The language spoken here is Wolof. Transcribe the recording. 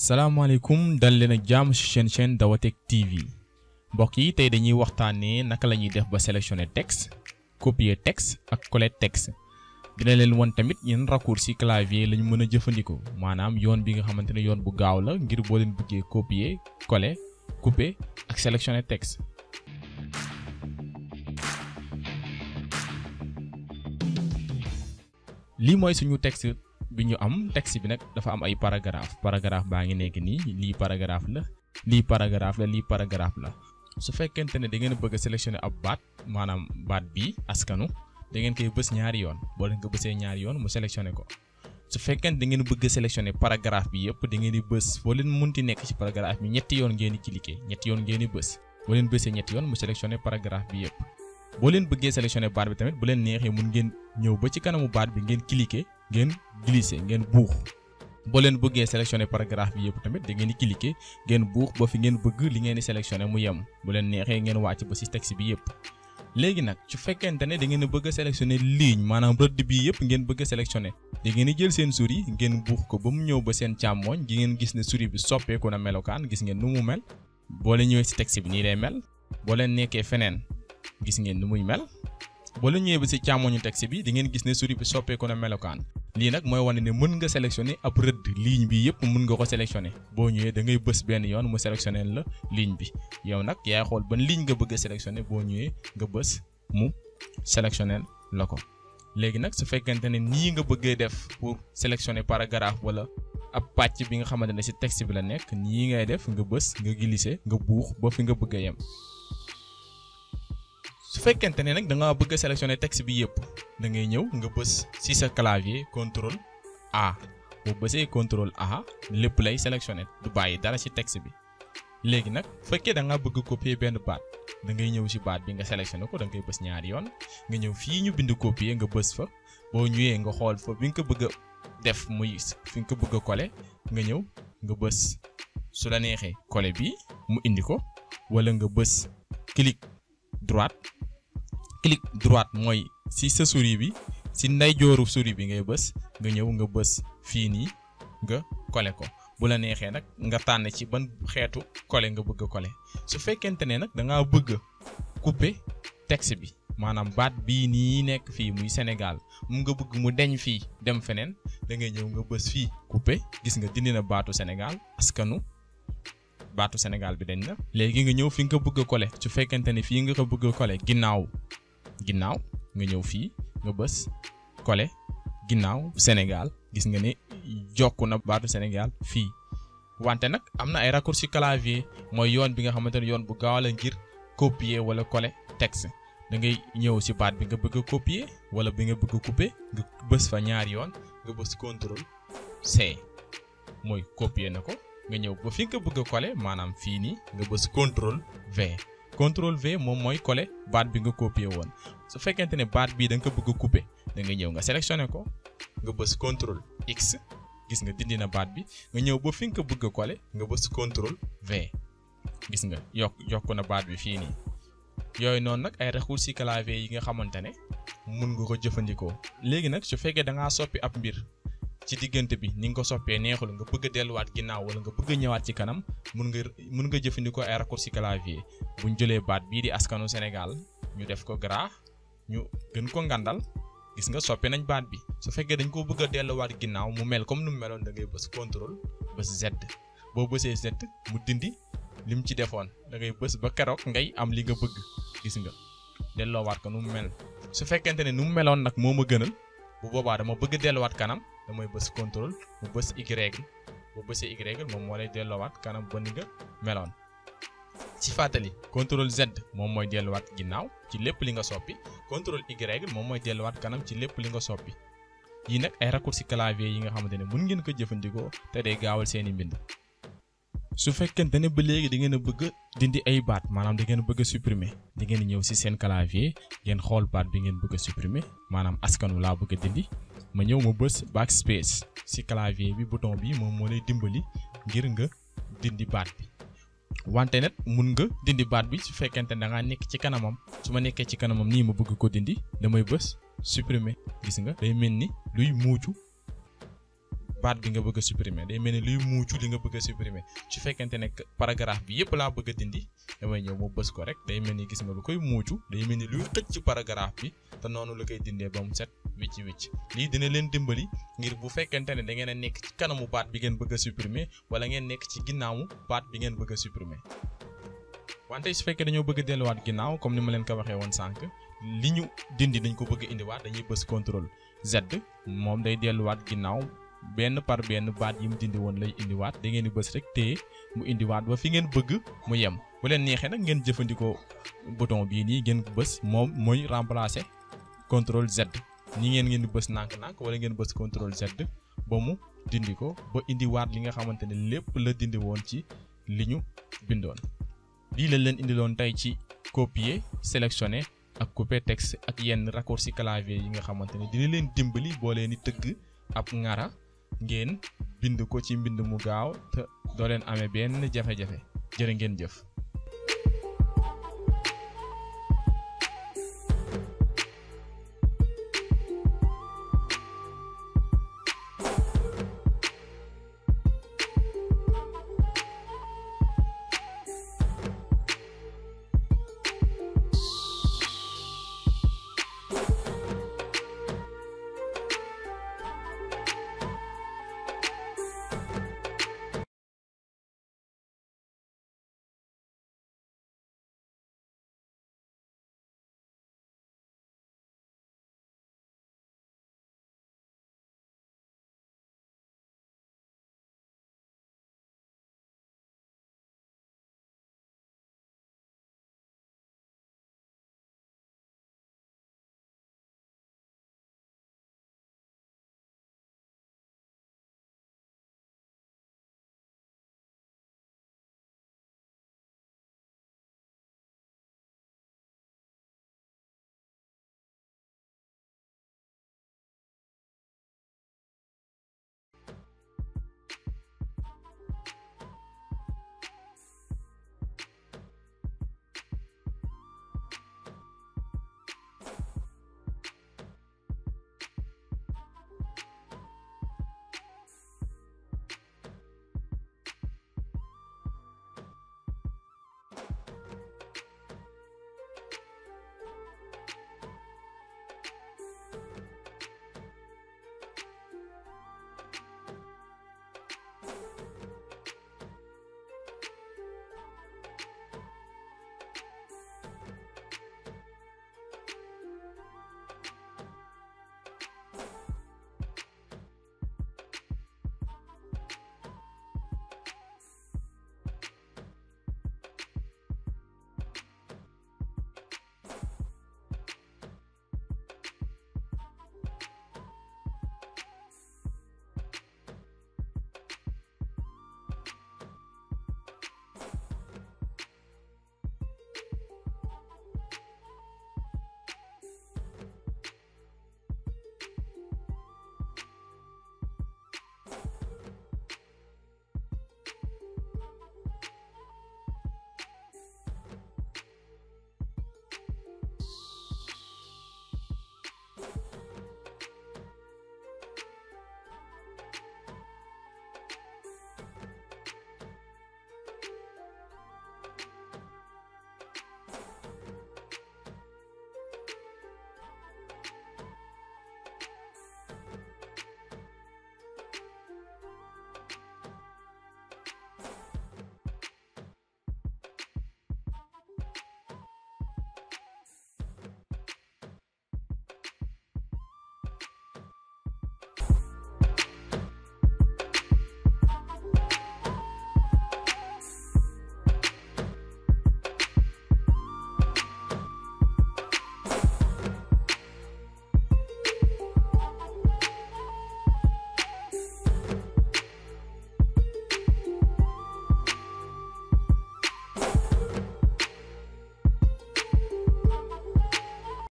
salaamaaleykum dal leen ak jàmm ci seen chaîne Daawatech TV mbokk yi tey dañuy waxtaanee naka la ñuy def ba sélectionner texte copier texte ak coller texte dina leen won tamit yenn raccourci clavier la ñu mën a jëfandikoo maanaam yoon bi nga xamante ne yoon bu gaaw la ngir boo leen bëggee copier coller couper ak sélectionner texte. lii mooy suñu texte bi ñu am texte bi nag dafa am ay paragraphe paragraphe baa ngi nekk nii lii paragraphe la lii paragraphe la lii paragraphe la su fekkente ne da ngeen bëgg a sélectionner ab baat maanaam baat bii askanu da ngeen koy bës ñaari yoon boo leen ko bësee ñaari yoon mu sélectionner ko su fekkente da ngeen bëgg a sélectionner bi yëpp da ngeen di bës foo leen munti nekk ci paragraphe bi ñetti yoon ngeen di cliquer ñetti yoon ngeen di bës boo bësee ñetti yoon mu sélectionner paragraphe bi yëpp boo leen bëggee sélectionner leen neexee mun ngeen ñëw ba ci kanamu baat bi ngeen cliquer ngeen glisser ngeen buux boo leen bëggee sélectionner paragraphe bi yëpp tamit da ngeen di cliquer ngeen buux ba fi ngeen bëgg li ngeen di sélectionner mu yem bu leen neexee ngeen wàcc ba ci texte bi yëpp. léegi nag su fekkente ne da ngeen a bëgg a sélectionner maanaam rëdd bi yëpp ngeen bëgg a sélectionner da ngeen di jël seen souris ngeen buux ko ba mu ñëw ba seen càmmooñ gi ngeen gis ne souris bi soppeeku na melokaan gis ngeen nu mu mel boo leen ñëwee ci texte bi nii lay mel boo leen nekkee feneen gis ngeen nu muy mel boo leen ñëwee ba ci càmmooñu texte bi da ngeen gis ne souris bi soppeeku na melokaan lii nag mooy wane ne mën nga sélectionner ab rëdd ligne bi yëpp mën nga ko sélectionner boo ñëwee dangay ngay bës benn yoon mu sélectionner la ligne bi yow nag yaay xool ban liiñ nga bëgg a boo ñëwee nga bës mu sélectionner la ko. léegi nag su fekkente ne nii nga bëggee def pour sélectionner paragraphe wala ab pàcc bi nga xamante ne ci texte bi la nekk nii ngay def nga bës nga glisser nga buux ba fi nga bëgg a yem. su fekkente ne nag da nga bëgg a sélectionner texte bi yëpp da ngay ñëw nga bës ci sa clavier contrôle A boo bësee contrôle A lépp lay sélectionner du bàyyi dara ci texte bi léegi nag bu fekkee da nga bëgg copier benn baat da ngay ñëw ci baat bi nga sélectionner ko da bës ñaari yoon nga ñëw fii ñu bind copier nga bës fa boo ñëwee nga xool fa bi nga ko bëgg a def muy fi nga ko bëgg a coller nga ñëw nga bës su la neexee coller bi mu indi ko wala nga bës clic clic droite mooy si sa souris bi si ndeyjooru souris bi ngay bës nga ñëw nga bës fii nii nga coller ko bu la neexee nag nga tànn ci ban xeetu coller nga bëgg kole su fekkente ne nag da ngaa bëgg a couper bi maanaam baat bii nii nekk fii muy Sénégal mu nga bëgg mu deñ fii dem feneen da ñëw nga bës fii couper gis nga dindi na baatu Sénégal askanu baatu Sénégal bi dañ na léegi nga ñëw fi nga ko bëgg kole su fekkente ne fii nga ko bëgg kole ginnaaw ginnaaw nga ñëw fii nga bës kole ginnaaw Sénégal gis nga ne jokk na baatu Sénégal fii wante nag am na ay raccourci clavier mooy yoon bi nga xamante ne yoon bu gaaw la ngir copier wala coller texte da ngay ñëw si baat bi nga bëgg a copier wala bi nga bëgg a nga bës fa ñaari yoon nga bës contrôle C mooy copier na ko nga ñëw ba fi nga bëgg kole maanaam fii nii nga bës contrôle V contrôle V moom mooy coller baat bi nga copier woon su fekkente ne baat bii danga ko bëgg a couper da nga ñëw nga sélectionné ko nga bës contrôle X gis nga dindi na baat bi nga ñëw ba fi nga ko bëgg a coller nga bës contrôle V gis nga yokk yokk na baat bi fii nii yooyu noonu nag ay raccourci clavier yi nga xamante ne mun nga ko jëfandikoo léegi nag su fekkee da ngaa soppi ab mbir. ci diggante bi ni nga ko soppee neexul nga bëgg delluwaat ginnaaw wala nga bëgg a ñëwaat ci kanam mun nga mun nga jëfandikoo ay raccourci clavier bu ñu jëlee baat bii di askanu Sénégal ñu def ko gras ñu gën ko ngandal gis nga soppi nañ baat bi su fekkee dañ koo bëgg delluwaat ginnaaw mu mel comme nu mu meloon da ngay bës contrôle bës Z boo bësee Z mu dindi lim ci defoon dangay ngay bës ba keroog ngay am li nga bëgg gis nga delloowaat ko nu mu mel su fekkente ne nu mu meloon nag moo ma gënal bu boobaa dama bëgg delluwaat kanam damay bës contrôle mu bës Y boo bësee Y moom moo lay delloowaat kanam ba ni nga meloon ci fàttali contrôle Z moom mooy delluwaat ginnaaw ci lépp li nga soppi contrôle Y moom mooy delluwaat kanam ci lépp li nga soppi yi nag ay raccourci clavier yi nga xamante ne mun ngeen ko jëfandikoo te day gaawal seeni mbind. su fekkente ne ba léegi da ngeen bëgg dindi ay baat maanaam da ngeen bëgg a supprimer di ngeen ñëw si seen clavier ngeen xool baat bi ngeen bëgg a maanaam askanu laa bëgg a dindi. ma ñëw ma bës backspace si clavier bi bouton bi moom moo lay dimbali ngir nga dindi baat bi wante nag mun nga dindi baat bi su fekkente da ngaa nekk ci kanamam su ma nekkee ci kanamam nii ma bëgg ko dindi damay bës supprimer gis nga day mel ni luy muucu baat gi nga bëgg a day mel ni luy muucu li nga bëgg a su fekkente ne paragraphe bi yëpp laa bëgg a dindi damay ñëw ma bës ko rek day mel ni gis nga lu koy muucu day mel ni luy xëcc ci paragraphe bi te noonu la koy dindee ba mu set wicc wicc lii dina leen dimbali ngir bu fekkente ne da ngeen a nekk ci kanamu baat bi ngeen bëgg a supprimer wala ngeen nekk ci ginnaawu baat bi ngeen bëgg a supprimer wante su fekkee dañoo bëgg a delluwaat ginnaaw comme ni ma leen ko waxee woon sànq li ñu dindi dañ ko bëgg a indiwaat dañuy bës contrôle Z moom day delluwaat ginnaaw benn par benn baat yi mu dindi woon lay indiwaat da ngeen di bës rek téye mu indiwaat ba fi ngeen bëgg mu yem bu leen neexee nag ngeen jëfandikoo boton bii nii ngeen bës moom mooy remplacer contrôle Z ni ngeen ngeen di bës nànk-nànk wala ngeen bës contrôle Z ba mu dindi ko ba indiwaat li nga xamante ne lépp la dindi woon ci li ñu bindoon. lii lañ leen indiloon tey ci copier sélectionner ak couper texte ak yenn raccourci clavier yi nga xamante ne dina leen dimbali boo leen di tëgg ab ngara. ngeen bind ko ci mbind mu gaaw te doo leen amee benn jafe-jafe jërë ngeen jëf